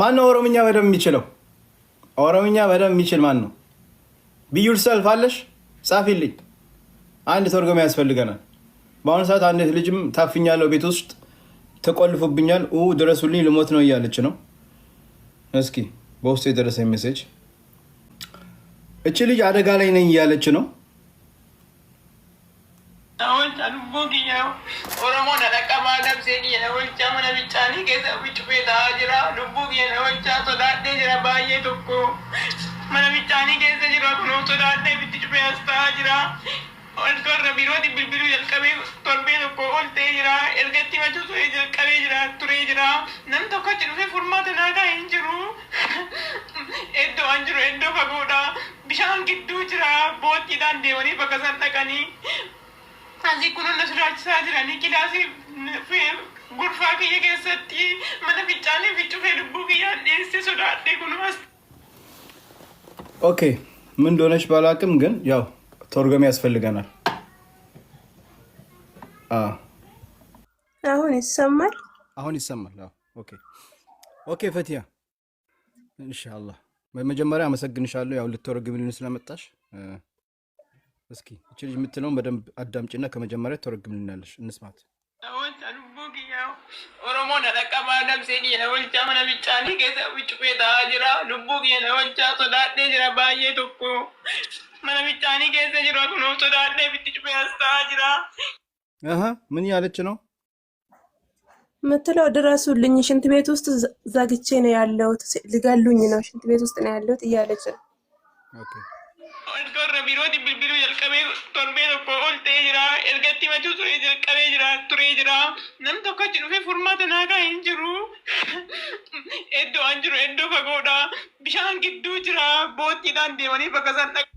ማን ነው ኦሮምኛ በደንብ የሚችለው? ኦሮምኛ በደንብ የሚችል ማን ነው? ብዩል ሰልፍ አለሽ? ጻፊልኝ። አንድ ተርጎም ያስፈልገናል። በአሁኑ ሰዓት አንዲት ልጅም ታፍኛለሁ፣ ቤት ውስጥ ተቆልፎብኛል፣ ድረሱልኝ፣ ልሞት ነው እያለች ነው። እስኪ በውስጡ የደረሰኝ ሜሴጅ እቺ ልጅ አደጋ ላይ ነኝ እያለች ነው። አሁን ጫልቦ ግያው ኦሮሞ ነለቀ ማለም ሴኒ የነወልቻ መነ ብቻኒ ከሰ ብቹ ቤታ ጅራ ልቡ ግየ ነወልቻ ሶዳዴ ጅራ ባየ ቶኮ መነ ብቻኒ ከሰ ጅራ ኩኖ ሶዳዴ ብትች ቤስታ ጅራ ኦልቶረ ቢሮት ቢልቢሉ የልቀቤ ቶርቤ ቶኮ ኦልቴ ጅራ ኤልገቲ መቹ ሶ የልቀቤ ጅራ ቱሬ ጅራ ነም ቶኮ ጭልፌ ፉርማ ተናጋ ሂንጅሩ ኤዶ አንጅሩ ኤዶ ፈጎዳ ቢሻን ግዱ ጅራ ቦት ይዳን ዴወኒ በከሰን ነቀኒ አዚ ኩኑ ነስሏች ሳትረኒ ኪላሲ ፍም ጉርፋ ከየገሰጢ መነ ፍጫኔ ፍጩ ከልቡ ክያንስ ሶዳዴ ኩኑ ኦኬ ምን እንደሆነች ባላቅም ግን ያው ተርጎም ያስፈልገናል። አሁን ይሰማል። አሁን ይሰማል። ኦኬ ኦኬ። ፈቲያ ኢንሻላህ፣ በመጀመሪያ አመሰግንሻለሁ ያው ልትወረግ ስለመጣሽ እስኪ እች ልጅ የምትለውን በደንብ አዳምጭና ከመጀመሪያ ተረግምልናለሽ፣ እንስማት። ምን ያለች ነው ምትለው? ድረሱልኝ፣ ሽንት ቤት ውስጥ ዘግቼ ነው ያለሁት፣ ሊገሉኝ ነው፣ ሽንት ቤት ውስጥ ነው ያለሁት እያለች ነው Orgoorra biirootiin bilbiluu jalqabee torbee tokko ol ta'ee jira. Ergatti matuu ture jalqabee jira turee jira. Nam tokko achi dhufee furmaata naa ka'ee hin jiru. Iddoo an jiru iddoo fagoodha. Bishaan gidduu jira. Boottiidhaan deemanii bakka isaan dhaqa.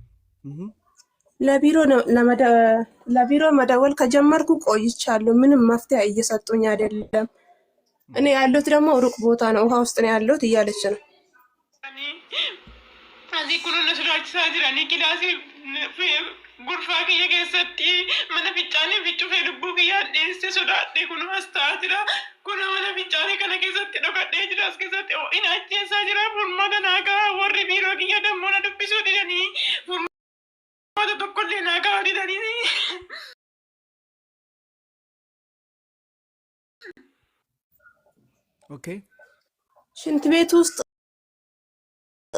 ለቢሮ መደወል ከጀመርኩ ቆይቻለሁ። ምንም መፍትሄ እየሰጡኝ አይደለም። እኔ ያለሁት ደግሞ ሩቅ ቦታ ነው፣ ውሃ ውስጥ ነው ያለሁት እያለች ነው እዚህ ኩሉ ስራች ሳጅራኒ ኪላሲ ጉርፋ kiyya keessatti mana fincaanii ficuuf lubbuu kiyyaa dheesse sodaadhe kun hastaa jira kun mana fincaanii kana keessatti dhokadhee jira as keessatti ho'in ajjeessaa jira furmaata naagaa warri biiroo kiyya dammoona dubbisuu didanii furmaata tokkollee naagaa didanii ኦኬ ሽንት ቤት ውስጥ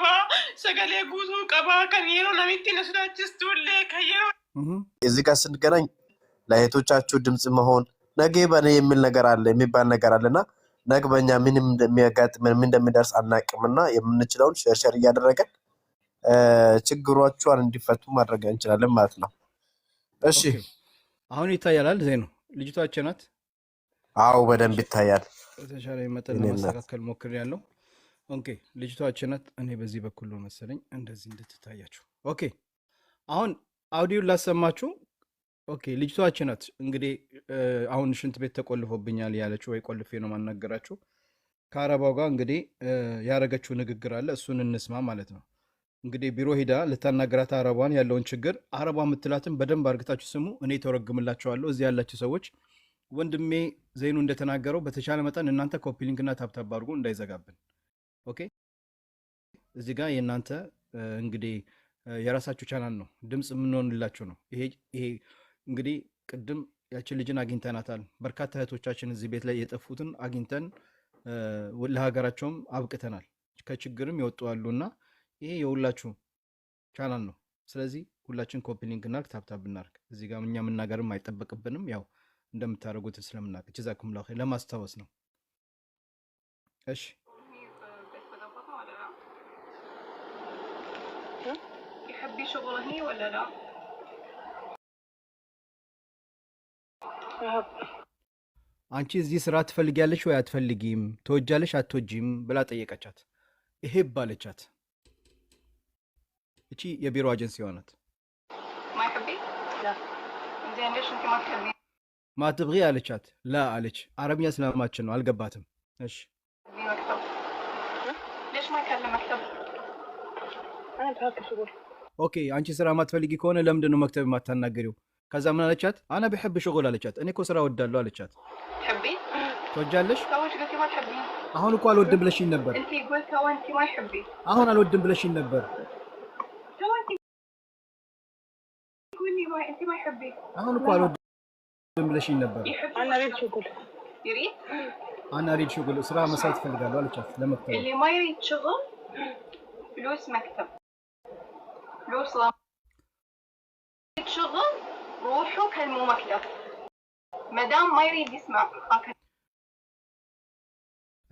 qabaa sagalee guutuu qabaa kan yeroo namitti na kan yeroo እዚህ ጋር ስንገናኝ ለእህቶቻችሁ ድምፅ መሆን ነገ በኔ የሚል ነገር አለ የሚባል ነገር አለና ነግ በኛ ምንም እንደሚያጋጥመን ምን እንደሚደርስ አናቅምና የምንችለውን ሸርሸር እያደረገን ችግሮቿን እንዲፈቱ ማድረግ እንችላለን ማለት ነው። እሺ አሁን ይታያላል። ዜኑ ልጅቷ ናት። አዎ በደንብ ይታያል። በተሻለ መጠን ለማስተካከል ሞክሬያለሁ። ኦኬ ልጅቷ እኔ በዚህ በኩል ነው መሰለኝ እንደዚህ እንድትታያችሁ። ኦኬ አሁን አውዲዮን ላሰማችሁ። ኦኬ ልጅቷ እንግዲህ አሁን ሽንት ቤት ተቆልፎብኛል ያለችው ወይ ቆልፌ ነው ማናገራችሁ ከአረባው ጋር እንግዲህ ያረገችው ንግግር አለ። እሱን እንስማ ማለት ነው። እንግዲህ ቢሮ ሄዳ ልታናገራት አረቧን ያለውን ችግር አረቧ የምትላትን በደንብ አርግታችሁ ስሙ። እኔ ተረግምላቸዋለሁ። እዚህ ያላችሁ ሰዎች ወንድሜ ዘይኑ እንደተናገረው በተቻለ መጠን እናንተ ኮፒሊንግና ታብታብ አድርጎ እንዳይዘጋብን ኦኬ እዚህ ጋር የእናንተ እንግዲህ የራሳችሁ ቻናል ነው፣ ድምፅ የምንሆንላችሁ ነው። ይሄ ይሄ እንግዲህ ቅድም ያችን ልጅን አግኝተናታል። በርካታ እህቶቻችን እዚህ ቤት ላይ የጠፉትን አግኝተን ለሀገራቸውም አብቅተናል። ከችግርም የወጡ አሉ እና ይሄ የሁላችሁ ቻናል ነው። ስለዚህ ሁላችን ኮፒ ሊንክ እናርግ፣ ታብታብ እናርግ። እዚህ ጋር እኛ መናገርም አይጠበቅብንም። ያው እንደምታደርጉት ስለምናውቅ ጀዛኩሙላሁ ለማስታወስ ነው። እሺ تحبي شغلهني ولا لا አንቺ እዚህ ስራ ትፈልጊያለሽ ወይ አትፈልጊም፣ ትወጃለሽ አትወጂም ብላ ጠየቀቻት። ይሄ ባለቻት እቺ የቢሮ አጀንሲ ሆናት። ማትብ አለቻት። ላ አለች። አረብኛ ስለማችን ነው አልገባትም። እሺ ليش ما أنا شغل ኦኬ አንቺ ስራ የማትፈልጊ ከሆነ ለምንድን ነው መክተብ የማታናገሪው? ከዛ ምን አለቻት? አና ቢሕብ ሽጉል አለቻት። እኔ እኮ ስራ ወዳለሁ አለቻት። ትወጃለሽ? አሁን እኮ አልወድም ብለሽኝ ነበር። አሁን አልወድም ብለሽኝ ነበር። አሁን እኮ አልወድም ብለሽኝ ነበር። አና ሪድ ሽጉል ስራ መስራት እፈልጋለሁ አለቻት። ለመክተብ መክተብ يوصل شغل روحوا كلموا مكتب መዳም ማይሪ ዲስማ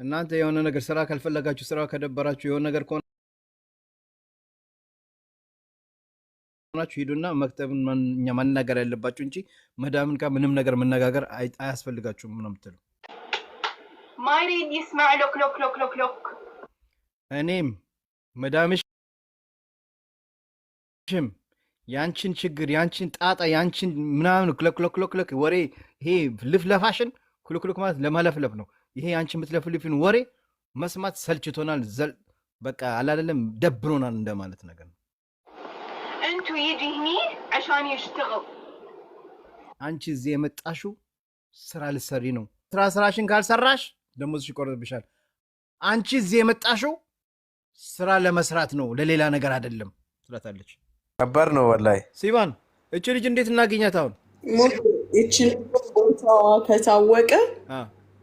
እናንተ የሆነ ነገር ስራ ካልፈለጋችሁ ስራ ከደበራችሁ የሆነ ነገር ከሆናችሁ ሂዱና መክተብን እኛ መናገር ያለባችሁ እንጂ መዳምን ጋር ምንም ነገር መነጋገር አያስፈልጋችሁም ነው የምትለው። እኔም መዳምሽ ሽም ያንቺን ችግር ያንቺን ጣጣ ያንቺን ምናምን ክለክለክለክለክ ወሬ ይሄ ልፍለፋሽን ክልክልክ ማለት ለመለፍለፍ ነው። ይሄ ያንቺ የምትለፍልፊን ወሬ መስማት ሰልችቶናል። ዘል በቃ አላደለም ደብሮናል እንደማለት ነገር ነው። እንቱ ይድህኒ አሻን ይሽትቅ አንቺ እዚህ የመጣሽው ስራ ልሰሪ ነው። ስራ ስራሽን ካልሰራሽ ደሞዝሽ ይቆረጥብሻል። አንቺ እዚህ የመጣሽው ስራ ለመስራት ነው፣ ለሌላ ነገር አይደለም ትላታለች። ከባድ ነው ወላሂ። ሲባን እች ልጅ እንዴት እናገኛት? አሁን እች ቦታዋ ከታወቀ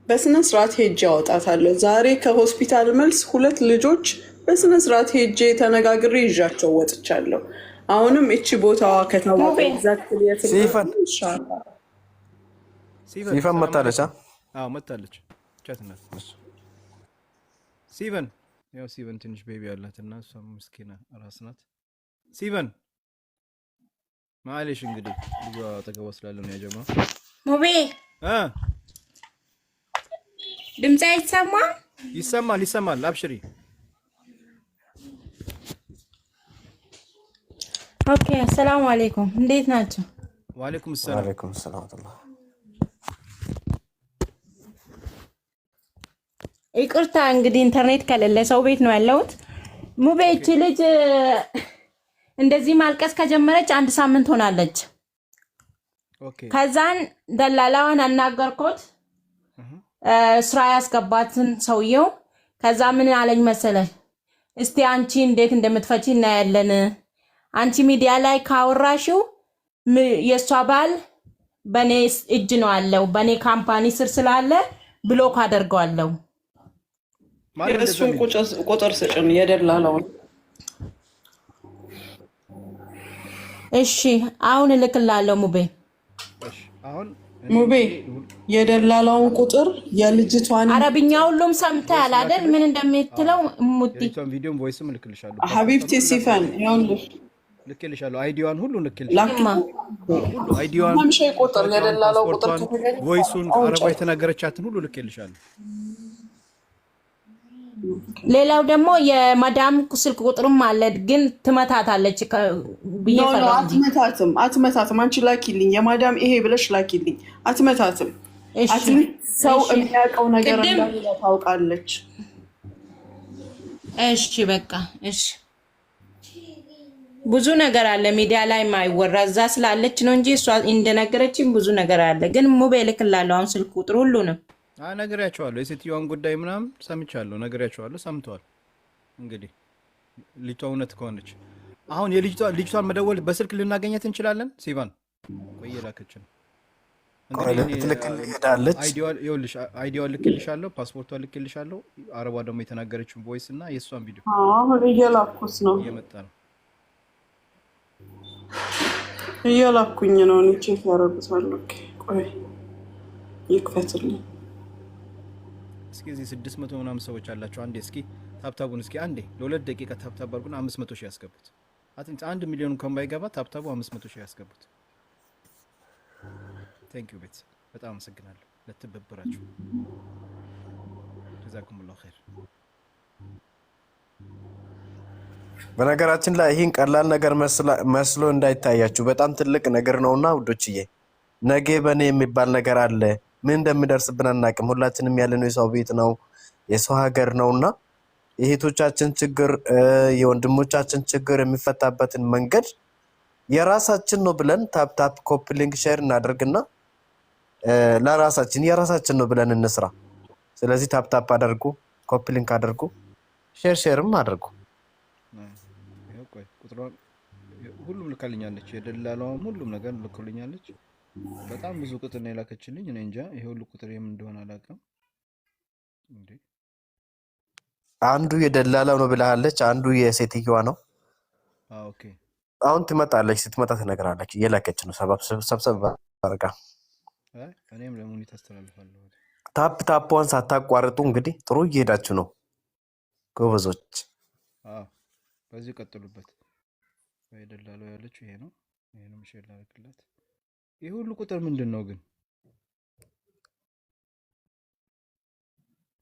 በስነ ስርዓት ሄጄ አወጣታለሁ። ዛሬ ከሆስፒታል መልስ ሁለት ልጆች በስነ ስርዓት ሄጄ ተነጋግሬ ይዣቸው ወጥቻለሁ። አሁንም እቺ ቦታዋ ከታወቀ ሲፈን መታለች መታለች ሲቨን ያው ሲቨን ትንሽ ቤቢ ያላት እና እሷ ምስኪና ራስ ናት ሲቨን ማለሽ እንግዲህ ልጇ አጠገቧ ስላለ ነው ያጀማ ሙቤ እ ድምፅ አይሰማ? ይሰማል፣ ይሰማል። አብሽሪ። ኦኬ። አሰላሙ አለይኩም። እንዴት ናቸው? ወአለይኩም ሰላም። ወአለይኩም ሰላም። ይቅርታ እንግዲህ ኢንተርኔት ከሌለ ሰው ቤት ነው ያለሁት። ሙቤ እቺ ልጅ እንደዚህ ማልቀስ ከጀመረች አንድ ሳምንት ሆናለች። ከዛን ደላላዋን አናገርኩት ስራ ያስገባትን ሰውየው። ከዛ ምን አለኝ መሰለ፣ እስቲ አንቺ እንዴት እንደምትፈቺ እናያለን። አንቺ ሚዲያ ላይ ካወራሽው የእሷ ባል በእኔ እጅ ነው አለው፣ በእኔ ካምፓኒ ስር ስላለ ብሎክ አደርገዋለሁ። እሱን ቁጥር ስጭን የደላላውን እሺ አሁን እልክላለሁ። ሙቤ ሙቤ የደላላውን ቁጥር የልጅቷን አረብኛ ሁሉም ሰምተሃል አይደል? ምን እንደምትለው ሙቲ ቪዲዮም ቮይስም ሀቢብቲ ሲፈን ይኸውልሽ ልክልሻለሁ አይዲዋን ሁሉ ልክልሻለሁ። ቮይሱን አረባ የተናገረቻትን ሁሉ ልክልሻለሁ። ሌላው ደግሞ የማዳም ስልክ ቁጥርም አለ፣ ግን ትመታታለች። አትመታትም፣ አትመታትም። አንቺ ላኪልኝ፣ የማዳም ይሄ ብለሽ ላኪልኝ። አትመታትም። ሰው የሚያውቀው ነገር እንዳለ ታውቃለች። እሺ በቃ እሺ። ብዙ ነገር አለ ሚዲያ ላይ ማይወራ እዛ ስላለች ነው እንጂ እሷ እንደነገረችኝ ብዙ ነገር አለ። ግን ሙቤ እልክላለሁ አሁን ስልክ ቁጥር ሁሉንም ነግሬያቸዋለሁ። የሴትዮዋን ጉዳይ ምናምን ሰምቻለሁ፣ ነግሬያቸዋለሁ። ሰምተዋል። እንግዲህ ልጅቷ እውነት ከሆነች አሁን የልጅቷን መደወል በስልክ ልናገኘት እንችላለን። ሲቫን ቆይ ላከችን ልክልሽ አይዲዋ ልክልሻለሁ፣ ፓስፖርቷ ልክልሻለሁ። አረቧ ደግሞ የተናገረችውን ቮይስ እና የእሷን ቪዲዮ እየላኩስ ነው፣ እየመጣ ነው፣ እየላኩኝ ነው። ቼክ ያረጉታለሁ። ቆይ ይክፈትልኝ እስኪ እዚህ 600 ምናምን ሰዎች አላቸው። አንዴ እስኪ ታብታቡን እስኪ አንዴ ለሁለት ደቂቃ ታብታብ አድርጉና 500 ሺህ ያስገቡት። አትንጭ አንድ ሚሊዮን እንኳን ባይገባ ታብታቡ 500 ሺህ ያስገቡት። ቴንክ ዩ ቤት በጣም አመሰግናለሁ ለትብብራችሁ። ጀዛኩሙላሁ ኸይር። በነገራችን ላይ ይህን ቀላል ነገር መስሎ እንዳይታያችሁ በጣም ትልቅ ነገር ነውና ውዶችዬ፣ ነገ በእኔ የሚባል ነገር አለ ምን እንደምደርስብን አናቅም። ሁላችንም ያለነው የሰው ቤት ነው የሰው ሀገር ነው እና የእህቶቻችን ችግር የወንድሞቻችን ችግር የሚፈታበትን መንገድ የራሳችን ነው ብለን ታፕታፕ ኮፒ ሊንክ ሼር እናደርግና ለራሳችን የራሳችን ነው ብለን እንስራ። ስለዚህ ታፕታፕ አደርጉ፣ ኮፒ ሊንክ አደርጉ፣ ሼር ሼርም አደርጉ። ሁሉም ልካልኛለች፣ የደላላውም ሁሉም ነገር ልኩልኛለች። በጣም ብዙ ቁጥር ነው የላከችልኝ። እኔ እንጃ ይሄ ሁሉ ቁጥር የምን እንደሆነ አላውቅም። አንዱ የደላላው ነው ብላለች፣ አንዱ የሴትየዋ ነው። አሁን ትመጣለች። ስትመጣ ትነግራለች። እየላከች ነው ሰብሰብ አድርጋ። እኔም ለሙኒት አስተላልፋለሁ። ታፕ ታፕዋን ሳታቋርጡ እንግዲህ ጥሩ እየሄዳችሁ ነው ጎበዞች። በዚህ ቀጥሉበት። የደላላው ያለችው ይሄ ነው። ይሄንም ሼር ላድርግላት ይህ ሁሉ ቁጥር ምንድን ነው ግን?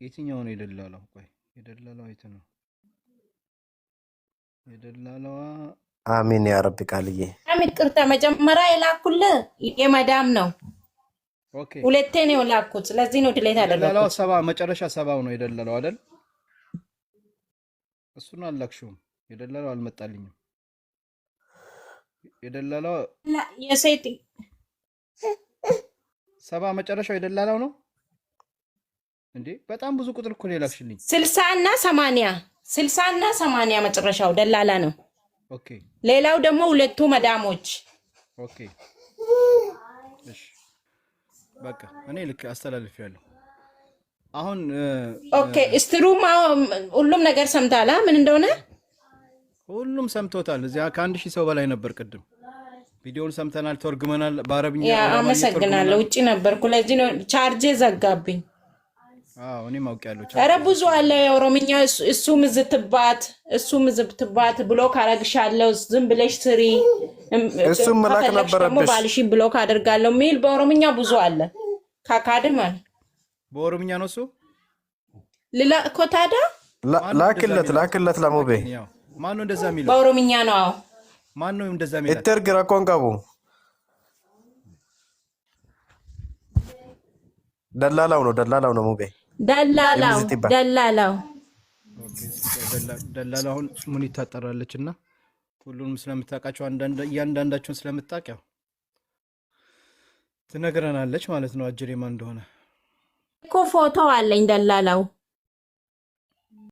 የትኛው ነው የደላላው? ቆይ የደላላው የት ነው የደላላዋ? አሚን ያ ረቢ ቃልዬ። አሚን ቅርታ፣ መጀመሪያ የላኩልህ የመዳም ነው። ኦኬ፣ ሁለቴ ነው የላኩት። ስለዚህ ነው ድሌት አደረኩት። ሰባ መጨረሻ ሰባው ነው የደላላው አይደል? እሱን አላክሽውም። የደላላው አልመጣልኝም። የደላላው የሴት ሰባ መጨረሻው የደላላው ነው እንዴ? በጣም ብዙ ቁጥር እኮ ሌላክሽልኝ። ስልሳ እና ሰማንያ ስልሳ እና ሰማንያ መጨረሻው ደላላ ነው። ኦኬ። ሌላው ደግሞ ሁለቱ መዳሞች። ኦኬ። እሺ፣ በቃ እኔ ልክ አስተላልፊያለሁ። አሁን ኦኬ፣ እስትሩም ሁሉም ነገር ሰምታላ ምን እንደሆነ ሁሉም ሰምቶታል። እዚያ ከአንድ ሺህ ሰው በላይ ነበር ቅድም ቪዲዮውን ሰምተናል፣ ተርጉመናል በአረብኛ። አመሰግናለሁ። ውጭ ነበርኩ። ለዚህ ነው ቻርጄ ዘጋብኝ። እኔም አውቄያለሁ። ኧረ ብዙ አለ የኦሮምኛ። እሱ ምዝትባት እሱ ምዝትባት ብሎክ አረግሻለሁ፣ ዝም ብለሽ ስሪ፣ እሱም መላክ ነበረብሽ። ባልሽ ብሎክ አደርጋለሁ ሚል በኦሮምኛ ብዙ አለ። ካካድማል በኦሮምኛ ነው እሱ። ልላ ኮታዳ ላክለት ላክለት፣ ለሞቤ ማነው እንደዛ የሚለው በኦሮምኛ ነው? አዎ ማን ነው እንደዛ ሜዳ እትርግ ረኮን ቀቡ ደላላው ነው ደላላው ነው ሙቤ ደላላው ደላላው ደላላውን ስሙን ይታጠራለች እና ሁሉንም ስለምታውቃቸው እያንዳንዳቸውን ስለምታውቅ ያው ትነግረናለች ማለት ነው። አጅሬማ እንደሆነ እኮ ፎቶ አለኝ ደላላው